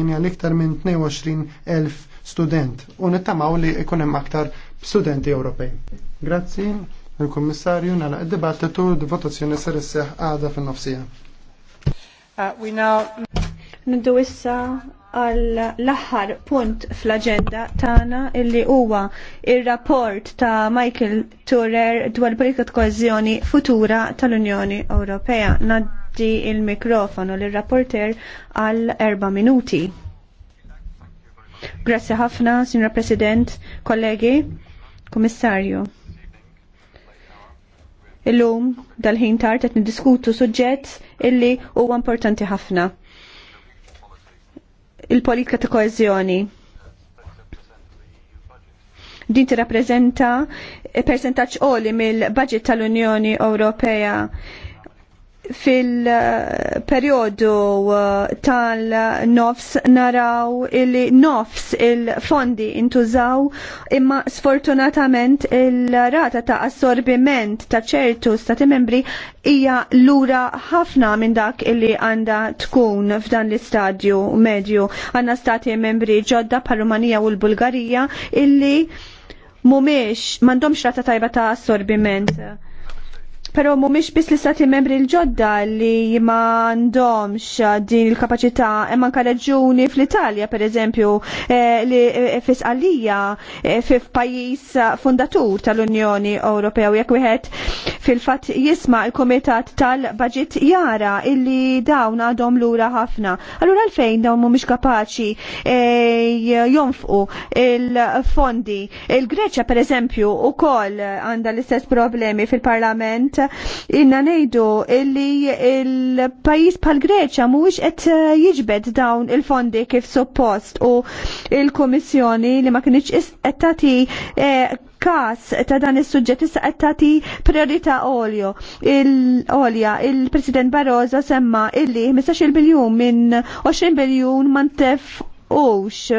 jini għal-iktar minn 22.000 student u nittamaw li ikunem aktar studenti Ewropej. Grazzi, il-Kommissarju, nala id-dibattitu d-votazzjoni s isseħ għada fin-nofsija. Uh, Nindu issa għal l-aħħar punt fl-agenda tagħna illi huwa il rapport ta' Michael Turer dwar politika koeżjoni futura tal-Unjoni Ewropea naddi il-mikrofonu lir rapporter għal erba minuti. Grazie ħafna, Signor President, kollegi, Kommissarju. Illum dal-ħin tard qed niddiskutu suġġett illi huwa importanti ħafna. Il-politika ta' koeżjoni din tirrappreżenta percentaġġ qoli mill-budget tal-Unjoni Ewropea fil-periodu uh, tal-nofs naraw illi nofs il-fondi intużaw imma sfortunatament il-rata ta' assorbiment ta' ċertu stati membri hija lura ħafna minn dak illi għanda tkun f'dan l-istadju medju. Għanna stati membri ġodda pa' Rumanija u l-Bulgarija illi mumiex mandomx rata tajba ta' assorbiment Pero mumiex biss li istati membri l-ġodda li ma għandhomx din il-kapacità hemm anke reġuni fl-Italja pereżempju eżempju, eh, li eh, fis għalija eh, fi pajis fundatur tal-Unjoni Ewropea u jekk wieħed fil-fatt jisma' il-Kumitat tal-Baġit jara illi dawn għadhom lura ħafna. Allura għalfejn dawn mhumiex kapaċi jonfqu il-fondi. Il-Greċja pereżempju ukoll għandha l-istess problemi fil-Parlament inna ngħidu illi il-pajjiż bħal Greċja mhuwiex qed eh, jiġbed dawn il-fondi kif suppost u il-Kummissjoni li ma kienx qed tagħti eh, kas ta' dan is-suġġett issa qed tagħti priorità olio. Il-olja, il-President Barroso semma illi 15 biljun minn 20 biljun ma ntefqux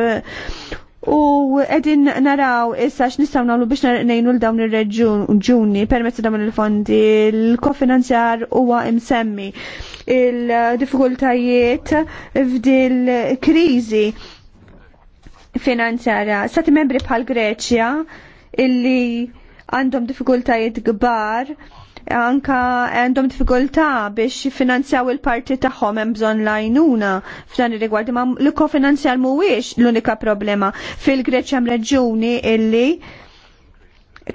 U edin naraw issa x'nistgħu nagħmlu biex ngħinu l dawn ir-reġuni permezz dawn il-fondi l-kofinanzjar huwa msemmi il-diffikultajiet f'dil kriżi finanzjarja. Sati membri bħal Greċja illi għandhom diffikultajiet kbar anka għandhom diffikultà biex jiffinanzjaw il-parti tagħhom hemm bżonn lajnuna f'dan ir-rigward ma l-kofinanzjar mhuwiex l-unika problema. Fil-Greċja hemm reġuni illi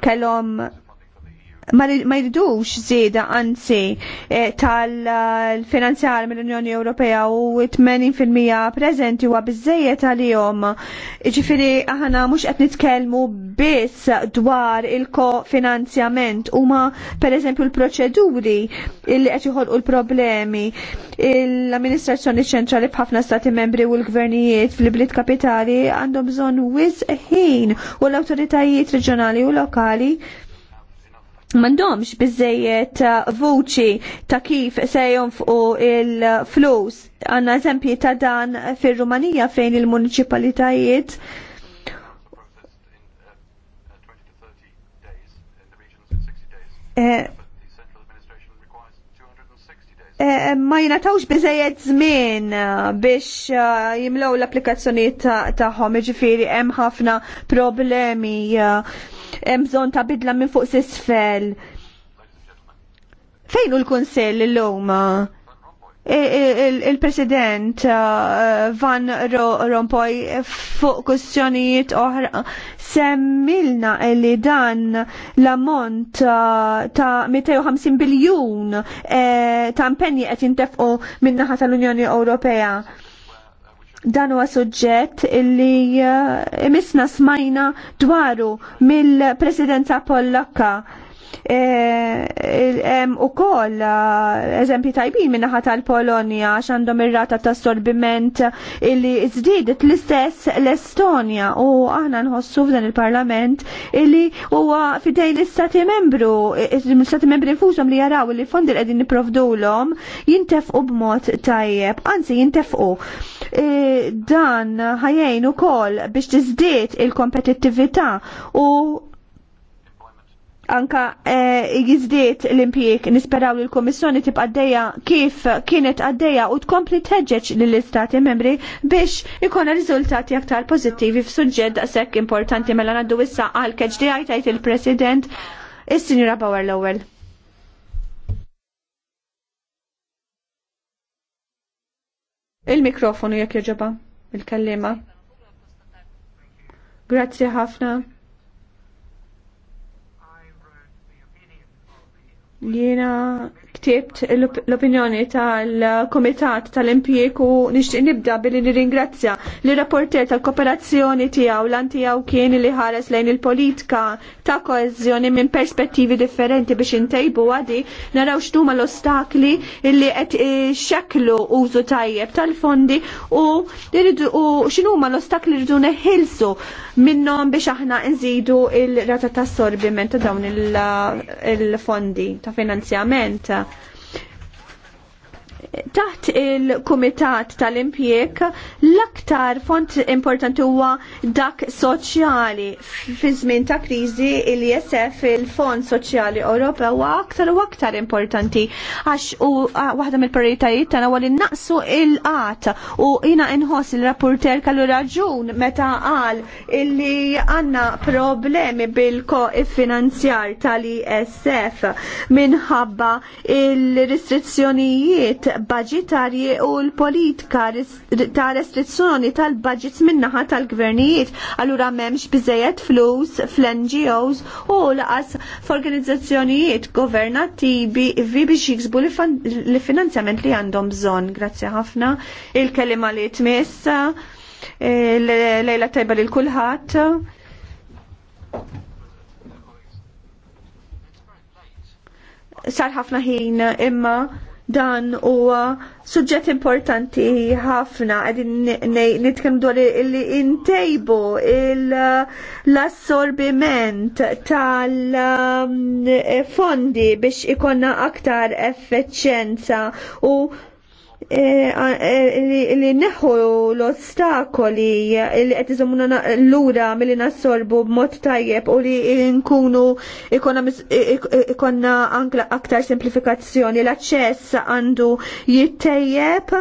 kellhom ma jridux zieda anzi eh, tal-finanzjar mill-Unjoni Ewropea u 80% preżenti huwa biżejjed għalihom. Ġifieri aħna mhux qed nitkellmu biss dwar il-kofinanzjament huma pereżempju l-proċeduri li qed u l-problemi. L-amministrazzjoni ċentrali b'ħafna stati membri u l-gvernijiet fil-blit kapitali għandhom bżonn wisq ħin u l-awtoritajiet reġjonali u lokali mandomx bizzejiet uh, vuċi ta' kif se jonfqu il-flus. Għanna eżempji ta' dan fir-Rumanija fejn il-municipalitajiet eh, eh, ma jinatawx biżejjed żmien uh, biex uh, jimlew l-applikazzjonijiet tagħhom, ta ġifieri hemm ħafna problemi hemm bżonn ta' bidla minn fuq s'isfel. Fejn hu l-Kunsell illum? il-President uh, Van Rompuy fuq kustjonijiet oħra semmilna li dan l-ammont uh, ta' 250 biljun eh, ta' impenji qed jintefqu min-naħa tal-Unjoni Ewropea dan huwa suġġett illi eh, imisna smajna dwaru mill-Presidenza Pollakka E, u ukoll eżempi tajbin minn naħa tal-Polonja għax għandhom ir-rata ta' sorbiment illi żdiedet l-istess l-Estonja u aħna nħossu f'dan il-Parlament illi huwa fidejn l-Istati membru, l-Istati membri nfushom li jaraw li fondi li qegħdin niprovdulhom jintefqu b'mod tajjeb, anzi jintefqu. E, dan ħajjejn ukoll biex tiżdied il-kompetittività u anka eh, jizdiet l-impjek nisperaw li l-Komissjoni tibqa' għaddeja kif kienet għaddeja u tkompli teġġeġ lill-Istati membri biex ikona riżultati aktar pożittivi f'suġġett sekk importanti mela għaddu issa għal KHDI tajt il-President is-Sinjura Bauer l-ewwel. Il-mikrofonu jekk jġoba, il kallima Grazzi ħafna. li jena ktibt l-opinjoni tal-Komitat tal-Impjek u nixtieq nibda billi nirringrazzja li rapporter tal-kooperazzjoni tiegħu lan tiegħu kien li ħares lejn il-politika ta' koeżjoni minn perspettivi differenti biex intejbu għadi naraw x'tuma l-ostakli illi qed xeklu użu tajjeb tal-fondi u x'inhuma l-ostakli rridu neħilsu minnhom biex aħna nżidu il-rata ta' assorbiment ta' dawn il-fondi ta' finanzjament taħt il-Kumitat tal-Impjek l-aktar font importanti huwa dak soċjali fi żmien ta' kriżi il jesef il-Fond Soċjali Ewropew huwa aktar u aktar importanti għax u waħda mill-prioritajiet tagħna huwa li naqsu il-qat u jiena inħoss il-rapporter kellu raġun meta qal illi għandna problemi bil finanzjar tal-ISF minħabba il-restrizzjonijiet budgetarji u l-politika ta' restrizzjoni tal-budgets minnaħa tal-gvernijiet. Allura memx biżejjed flus fl-NGOs u laqas f'organizzazzjonijiet governattivi vi biex jiksbu l-finanzjament li għandhom bżonn. Grazie ħafna. Il-kelima li tmiss eh, lejla tajba lil kulħadd. Sar ħafna ħin imma dan huwa suġġett importanti ħafna qegħdin nitkellmu dwar li intejbu l-assorbiment tal-fondi um, biex ikonna aktar effiċjenza u Eh, eh, li neħu l-ostakoli li qed iżomuna lura milli nassorbu b'mod tajjeb u li nkunu ikonna anke aktar simplifikazzjoni l-aċċess għandu jittejjeb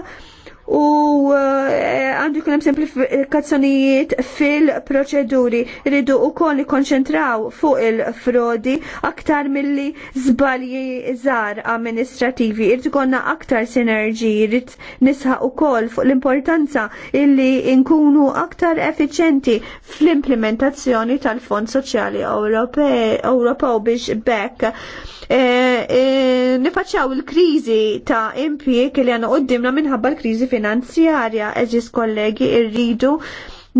u eh, għandu jkun hemm semplifikazzjonijiet fil-proċeduri. Rridu wkoll konċentraw fuq il-frodi aktar milli żbalji żgħar amministrativi. Irid konna aktar sinerġiji, nisħa nisħaq ukoll fuq l-importanza illi nkunu aktar effiċenti fl-implementazzjoni tal-Fond Soċjali Ewropew biex bekk e, e, nifaċċaw il-kriżi ta' impjieg li għandna qudiemna minħabba l-kriżi finanzjarja, eżis kollegi, irridu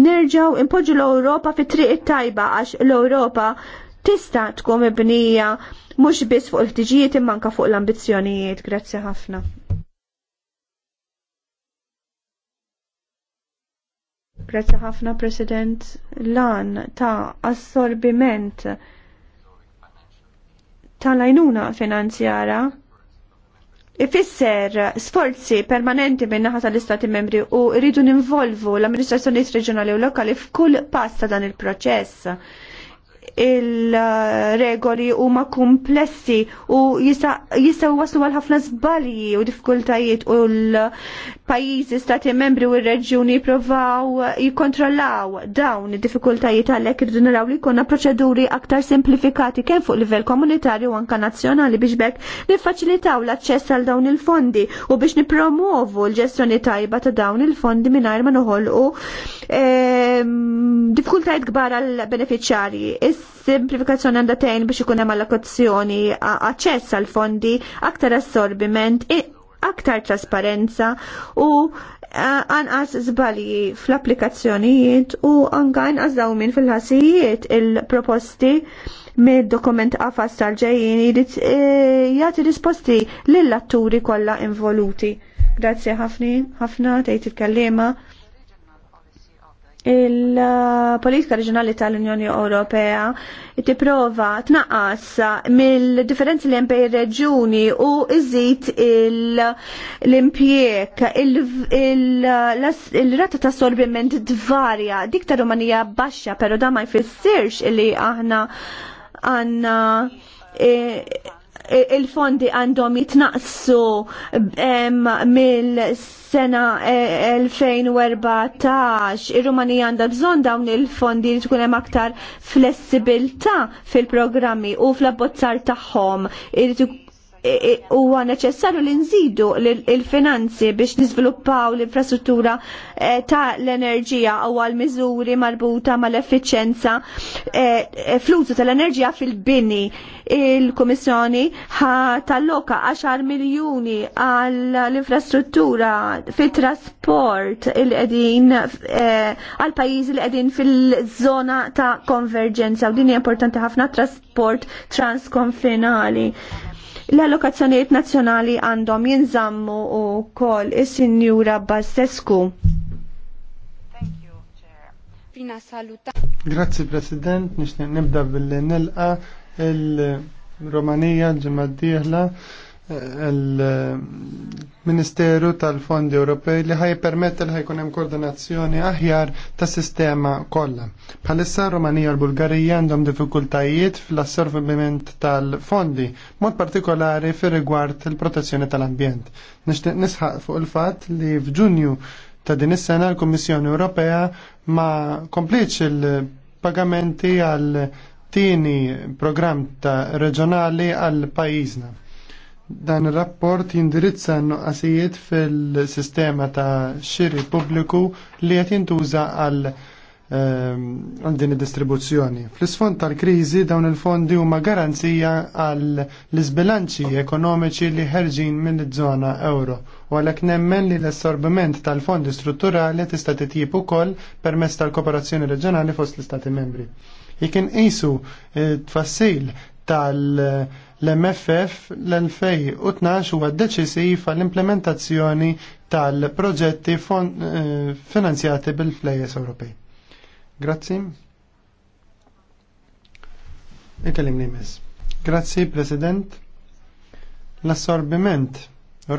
nerġaw impoġġu l-Ewropa fi triq it-tajba għax l-Ewropa tista' tkun mibnija mhux biss fuq il-ħtiġijiet imma anke fuq l-ambizzjonijiet. Grazzi ħafna. Grazzi ħafna, President. Lan ta' assorbiment tal-għajnuna finanzjara ifisser sforzi permanenti minn naħa tal-Istati membri u rridu ninvolvu l-amministrazzjonijiet reġjonali u lokali f'kull pass ta' dan il-proċess il-regoli huma komplessi u jistgħu waslu għal ħafna żbalji u diffikultajiet u l-pajjiżi stati membri u r-reġjuni provaw jikkontrollaw dawn id-diffikultajiet għalhekk irridu naraw li jkollna proċeduri aktar simplifikati kemm fuq livell komunitarju u anke nazzjonali biex bekk niffaċilitaw l-aċċess għal dawn il-fondi u biex nipromuovu l-ġestjoni tajba ta' dawn il-fondi mingħajr ma noħolqu ehm, diffikultajiet kbar għall benefiċjarji simplifikazzjoni għandha tgħin biex ikun hemm allokazzjoni aċċess għal fondi, aktar assorbiment, aktar trasparenza u anqas żbalji fl-applikazzjonijiet u anke inqas dawmin fil-ħasijiet il-proposti mid-dokument qafas tal-ġejjin jrid e, jagħti risposti lill-atturi kollha involuti. Grazzi ħafna, ħafna tgħid il-kellima il-politika reġjonali tal-Unjoni Ewropea tipprova tnaqqas mill-differenzi li hemm bejn reġjuni u iżid l impjieg il-rata ta' sorbiment dvarja. dik ta' Rumanija baxxa però da ma jfissirx li aħna għandna eh, il-fondi għandhom jitnaqsu mill-sena 2014. E, Ir-Rumanija għandha bżonn dawn il-fondi li tkun hemm aktar flessibilità fil-programmi u fl-abbozzar tagħhom. E, e, huwa neċessarju li nżidu l-finanzi biex niżviluppaw l-infrastruttura e, ta' l-enerġija u għal miżuri marbuta mal efficienza fl-użu tal-enerġija fil-bini. Il-Komissjoni tal-loka 10 miljuni għal infrastruttura fil trasport il-qegħdin għal pajjiżi li qegħdin fil-żona ta' konverġenza u din hija importanti ħafna trasport transkonfinali. L-allokazzjonijiet nazzjonali għandhom jinżammu u kol is-Sinjura Bassescu. Grazzi President, nix nibda billi nilqa il-Romanija ġimgħa d il-Ministeru tal-Fondi Ewropej li ħaj permette li ħajkun hemm koordinazzjoni aħjar ta' sistema kollha. Bħalissa Rumanija u l-Bulgarija għandhom diffikultajiet fl-assorbiment tal-fondi, mod partikolari fir rigward il-protezzjoni tal-ambjent. Nixtieq nisħaq fuq il-fatt li f'Ġunju ta' din is-sena l-Kummissjoni Ewropea ma kompliċ il-pagamenti għal tieni programm ta' reġjonali għal pajjiżna Dan ir-rapport jindirizza n-nuqqasijiet fil-sistema ta' xiri pubbliku li qed jintuża għal ehm, għal din id-distribuzzjoni. Fl-isfond tal-kriżi dawn il-fondi huma garanzija għal l-isbilanċi ekonomiċi li ħerġin mill-żona euro u għalhekk nemmen li l-assorbiment tal-fondi strutturali tista' titjib ukoll permezz tal-kooperazzjoni reġjonali fost l-Istati membri. Jekin qisu eh, tfassil tal- L-MFF l-2012 huwa deċisiv għall-implementazzjoni tal-proġetti eh, finanzjati bil-flejes Ewropej. Grazzi. Ikellim nimes. Grazzi, President. L-assorbiment,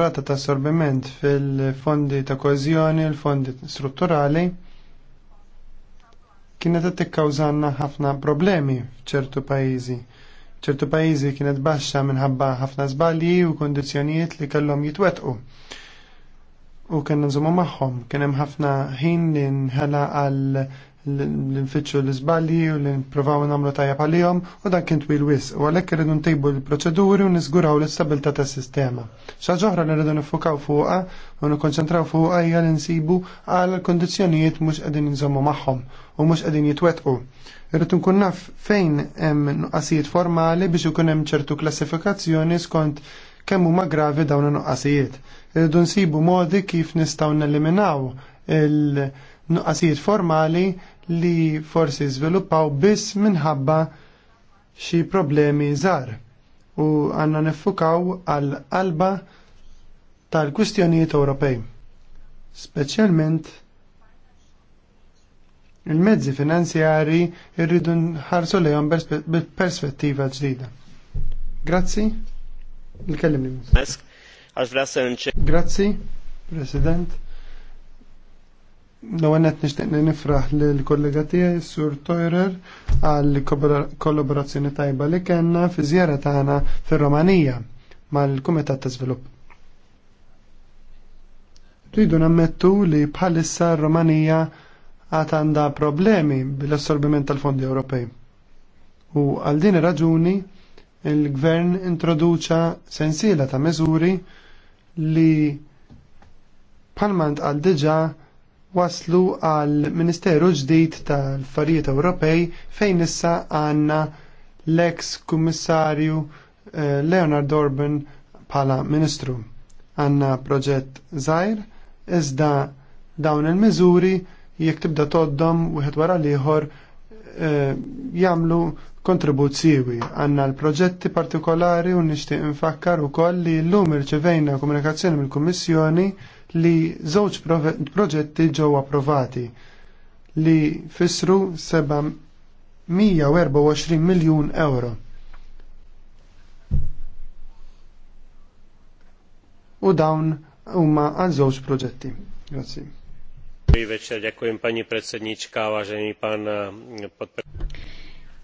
rata ta' assorbiment fil-fondi ta' kozjoni, l-fondi strutturali, kienet kawżanna ħafna problemi f'ċertu pajizi ċertu pajjiżi kienet baxxa minħabba ħafna żbalji u kundizzjonijiet li kellhom jitwetqu. U kien nżommu magħhom, kien hemm ħafna ħin li nħela għal l-infittxu l-izballi u l improvaw namlu tajja palijom u dan kien twil wis u għalhekk rridu ntejbu l-proċeduri u niżguraw l-istabilta tas-sistema. Xaġoħra li rridu nifukaw fuqha u nikkonċentraw fuqha hija li nsibu għal kondizzjonijiet mhux qegħdin nżommu magħhom u mhux qegħdin jitwetqu. Rridu nkun naf fejn hemm nuqqasijiet formali biex ikun hemm ċertu klassifikazzjoni skont kemm huma gravi dawn il nuqqasijiet Rridu nsibu modi kif nistgħu neliminaw il-nuqqasijiet formali li forsi żviluppaw biss minħabba xi problemi żgħar u għandna niffukaw għal qalba tal-kwistjonijiet Ewropej. Speċjalment il-mezzi finanzjari irridu nħarsu lejhom perspettiva ġdida. Grazzi. Il-kellimni. Grazzi, President l għannet nishtiq nifraħ l-kollega tiegħi Sur Toyrer, għal kollaborazzjoni tajba li kellna fi żjara tagħna fir-Romanija mal-Kumitat ta' Zvilupp. Rridu nammettu li bħalissa r-Romanija għad għandha problemi bil-assorbiment tal-fondi Ewropej. U għal din ir-raġuni il-gvern introduċa sensiela ta' meżuri li palmant għal diġa' waslu għal Ministeru ġdid tal-Affarijiet Ewropej fejn issa għandna l-eks kummissarju eh, Leonard Orban bħala Ministru. Għandna proġett żgħir iżda dawn il-miżuri jekk tibda toddom wieħed wara l-ieħor eh, jagħmlu kontribut Għanna l-proġetti partikolari u nixtieq infakkar ukoll li llum irċevejna komunikazzjoni mill-Kummissjoni li żewġ proġetti ġew approvati li fissru 724 miljun euro. U dawn huma għal żewġ proġetti. Grazzi. Večer, ďakujem pani eh,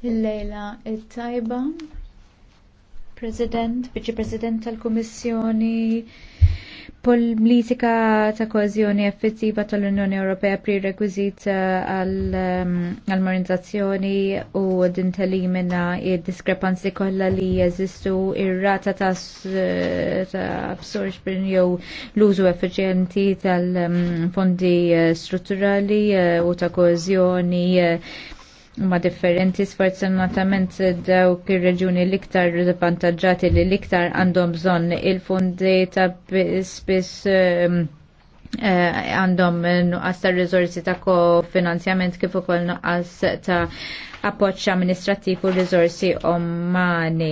Lejla Tajba, President, Viċi President tal komissjoni politika ta' koezjoni effettiva tal-Unjoni Ewropea prerequisit eh, għal-armonizzazzjoni ehm, u din minna id-diskrepanzi kollha li jeżistu ir-rata ta' absorption jew l-użu effiċjenti tal-fondi ehm, eh, strutturali eh, u ta' koezjoni ma differenti sfortunatament dawk ir-reġuni l-iktar vantaġġati li l-iktar għandhom bżonn il-fondi ta' spiss um, eh, għandhom nuqqas ta' riżorsi ta' kofinanzjament kif ukoll nuqqas ta' appoġġ amministrattiv u riżorsi umani.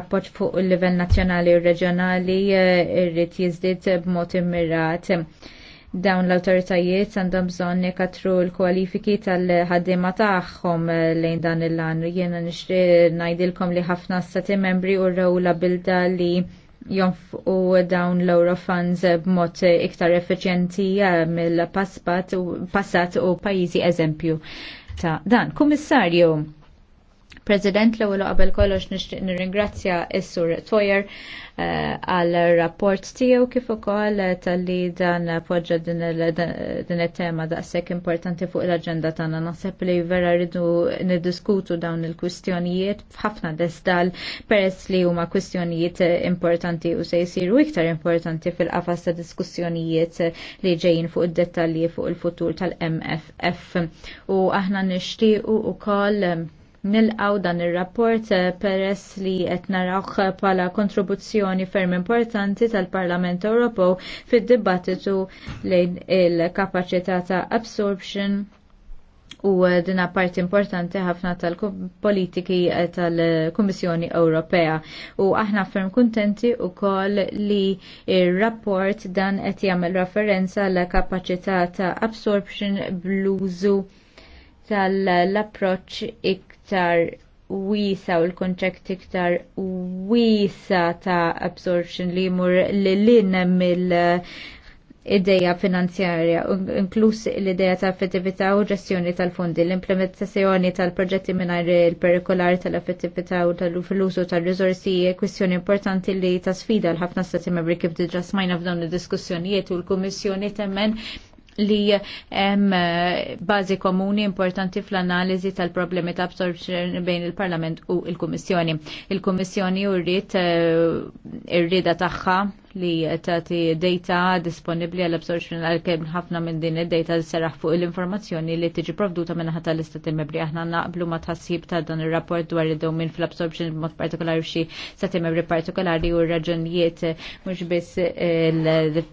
Appoġġ fuq il-livell nazzjonali u reġjonali eh, irrid jiżdied b'mod immirat dawn l-autoritajiet għandhom bżonn katru l-kwalifiki tal-ħaddima tagħhom lejn dan il-lan. Jiena nixtri ngħidilkom li ħafna stati membri u rewla bilda li jonfqu dawn l-euro funds b'mod iktar effiċjenti eh, mill-passat u pajjiżi eżempju ta' dan. Kummissarju, President l-ewwel qabel kollox nixtieq nirringrazzja s-Sur Toyer eh, għal rapport tiegħu kif ukoll eh, talli dan poġġa eh, din it-tema daqshekk importanti fuq l-aġenda tagħna. Naħseb li vera rridu niddiskutu dawn il-kwistjonijiet f'ħafna desdal peress li huma kwistjonijiet importanti u se jsiru iktar importanti fil-qafas ta' diskussjonijiet li ġejjin fuq id-dettalji fuq il-futur tal-MFF. U aħna nixtiequ ukoll nilqaw dan ir-rapport eh, peress li qed narawh bħala kontribuzzjoni ferm importanti tal-Parlament Ewropew fid-dibattitu lejn il-kapaċità ta' absorption u eh, dina parti importanti ħafna tal-politiki eh, tal-Kummissjoni Ewropea. U aħna ferm kuntenti u koll li il-rapport dan qed jagħmel referenza l kapaċità ta' absorption bluzu tal-approċ iktar wisa u l konċekt iktar wisa ta' absorption li jmur li lin mill ideja finanzjarja, inkluż l-ideja ta' effettività u ġestjoni tal-fondi, l-implementazzjoni tal-proġetti minar il-perikolari tal-effettività u tal-użu tal-rizorsi, kwistjoni importanti li ta' sfida l-ħafna stati membri kif diġa smajna f'dawn id diskussjonijiet u l-Kummissjoni temmen li hemm eh, bażi komuni importanti fl-analiżi tal-problemi ta' absorption bejn il-Parlament u il-Kummissjoni. Il-Kummissjoni urrit eh, ir rieda tagħha li tagħti data disponibbli għall absorption għal kemm ħafna minn din id-data seraħ fuq l-informazzjoni li tiġi provduta minn ħata tal-istat il-mebri. Aħna naqblu ma tħassib ta' dan ir-rapport dwar id-dewmin fl-absorption b'mod partikolari xi stati mebri partikolari u r raġunijiet eh, mhux biss il-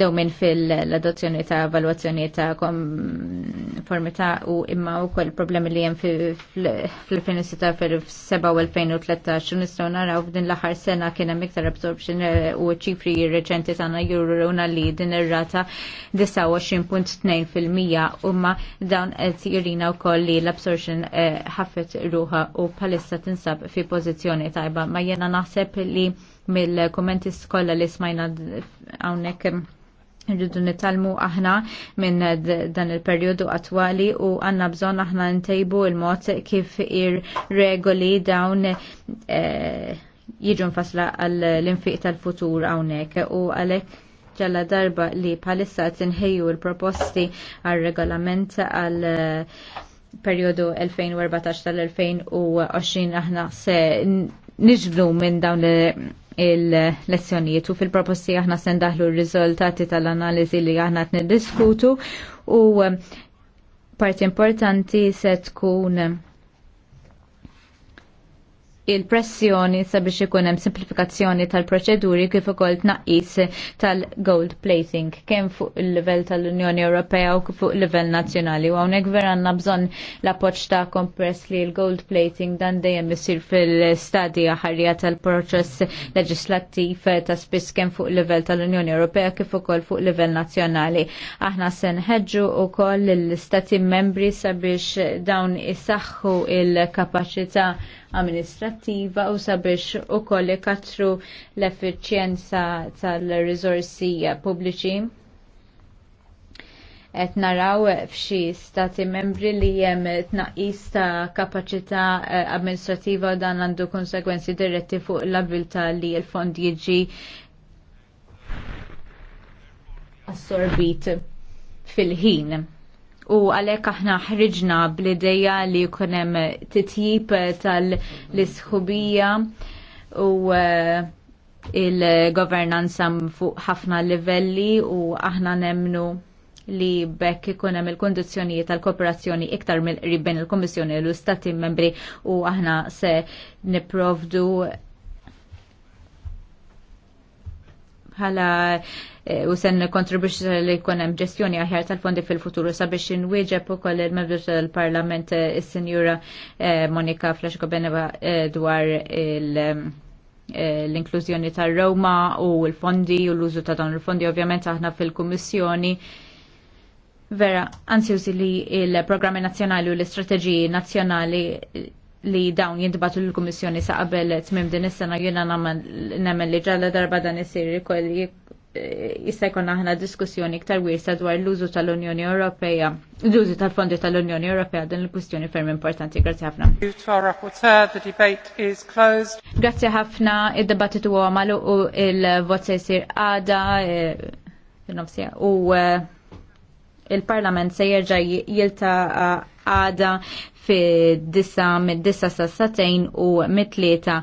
daw minn fil-adozzjoni ta' valwazzjoni ta' konformità u imma u kol problemi li jem fil ta' fil-7 u 2013 nistaw naraw f'din l-aħħar sena kiena miktar absorption eh, u ċifri reċenti juru juruna li din ir-rata 29.2% ma' dawn qed jirina wkoll li l-absorption eh, ħaffet ruha u palissa tinsab fi pożizzjoni tajba ma jena naħseb li mill-kommenti kollha li smajna hawnhekk rridu nitalmu aħna minn dan il perjodu attwali u għanna bżon aħna ntejbu il-mod kif ir-regoli dawn e, jiġu nfasla għall-infiq tal-futur hawnhekk. u għalhekk ġalla darba li palissa tinħeju il-proposti għal-regolament għal e, periodu 2014 tal-2020 aħna se niġbdu minn dawn il-lezzjonijiet u fil-proposti aħna sendaħlu r-riżultati tal-analiżi li aħna qed niddiskutu u eh, parti importanti se tkun il-pressjoni sabiex ikun hemm simplifikazzjoni tal-proċeduri kif ukoll tnaqqis tal-gold plating kemm fuq il-livell tal-Unjoni Ewropea u fuq il-livell nazzjonali. U hawnhekk vera għandna bżonn l-appoġġ ta' kompress li l-gold plating dan dejjem isir fil stadi ħarrija tal-proċess leġislattiv ta' spiss kemm fuq il-livell tal-Unjoni Ewropea kif ukoll fuq il-livell nazzjonali. Aħna se nħeġġu wkoll l istati membri sabiex dawn isaħħu il-kapaċità amministrattiva u sabiex ukoll katru l-effiċjenza tal rizorsi pubbliċi et naraw f'xi stati membri li jem tnaqis ta' kapacità eh, amministrativa dan għandu konsekwenzi diretti fuq l-abilta li l-fond jiġi assorbit fil-ħin u għalhekk aħna ħriġna bl-ideja li jkun hemm titjib tal-isħubija u eh, il-governanza fuq ħafna livelli u aħna nemnu li bekk ikun hemm il kondizjoni tal-kooperazzjoni iktar mill-qrib il-Kummissjoni l istati membri u aħna se nipprovdu bħala eh, u sen kontribuċi li konem ġestjoni aħjar tal-fondi fil-futuru sabiex inwieġeb ukoll il-membru tal-Parlament eh, eh, il sinjura Monika Flaxko Beneva dwar l-inklużjoni tal-Roma u l-fondi u l-użu ta' dawn il-fondi ovvjament aħna fil-Kummissjoni vera ansjużi li il-programmi nazzjonali u l-istrateġiji nazzjonali li dawn jintbatu l-Komissjoni sa' qabel tmim din is-sena jiena nagħmel li ġalla darba dan isir ikolli eh, jista' jkun aħna diskussjoni iktar wiesa dwar l-użu tal-Unjoni Ewropea, l-użu tal-fondi tal-Unjoni Ewropea din il-kwistjoni ferm importanti. Grazzi ħafna. Grazzi ħafna, id-dibattitu huwa magħluq u il-vot se jsir għada, eh, u eh, il-Parlament se jerġa' jilta għada fi disa mid-disa sa' satejn u mit-tlieta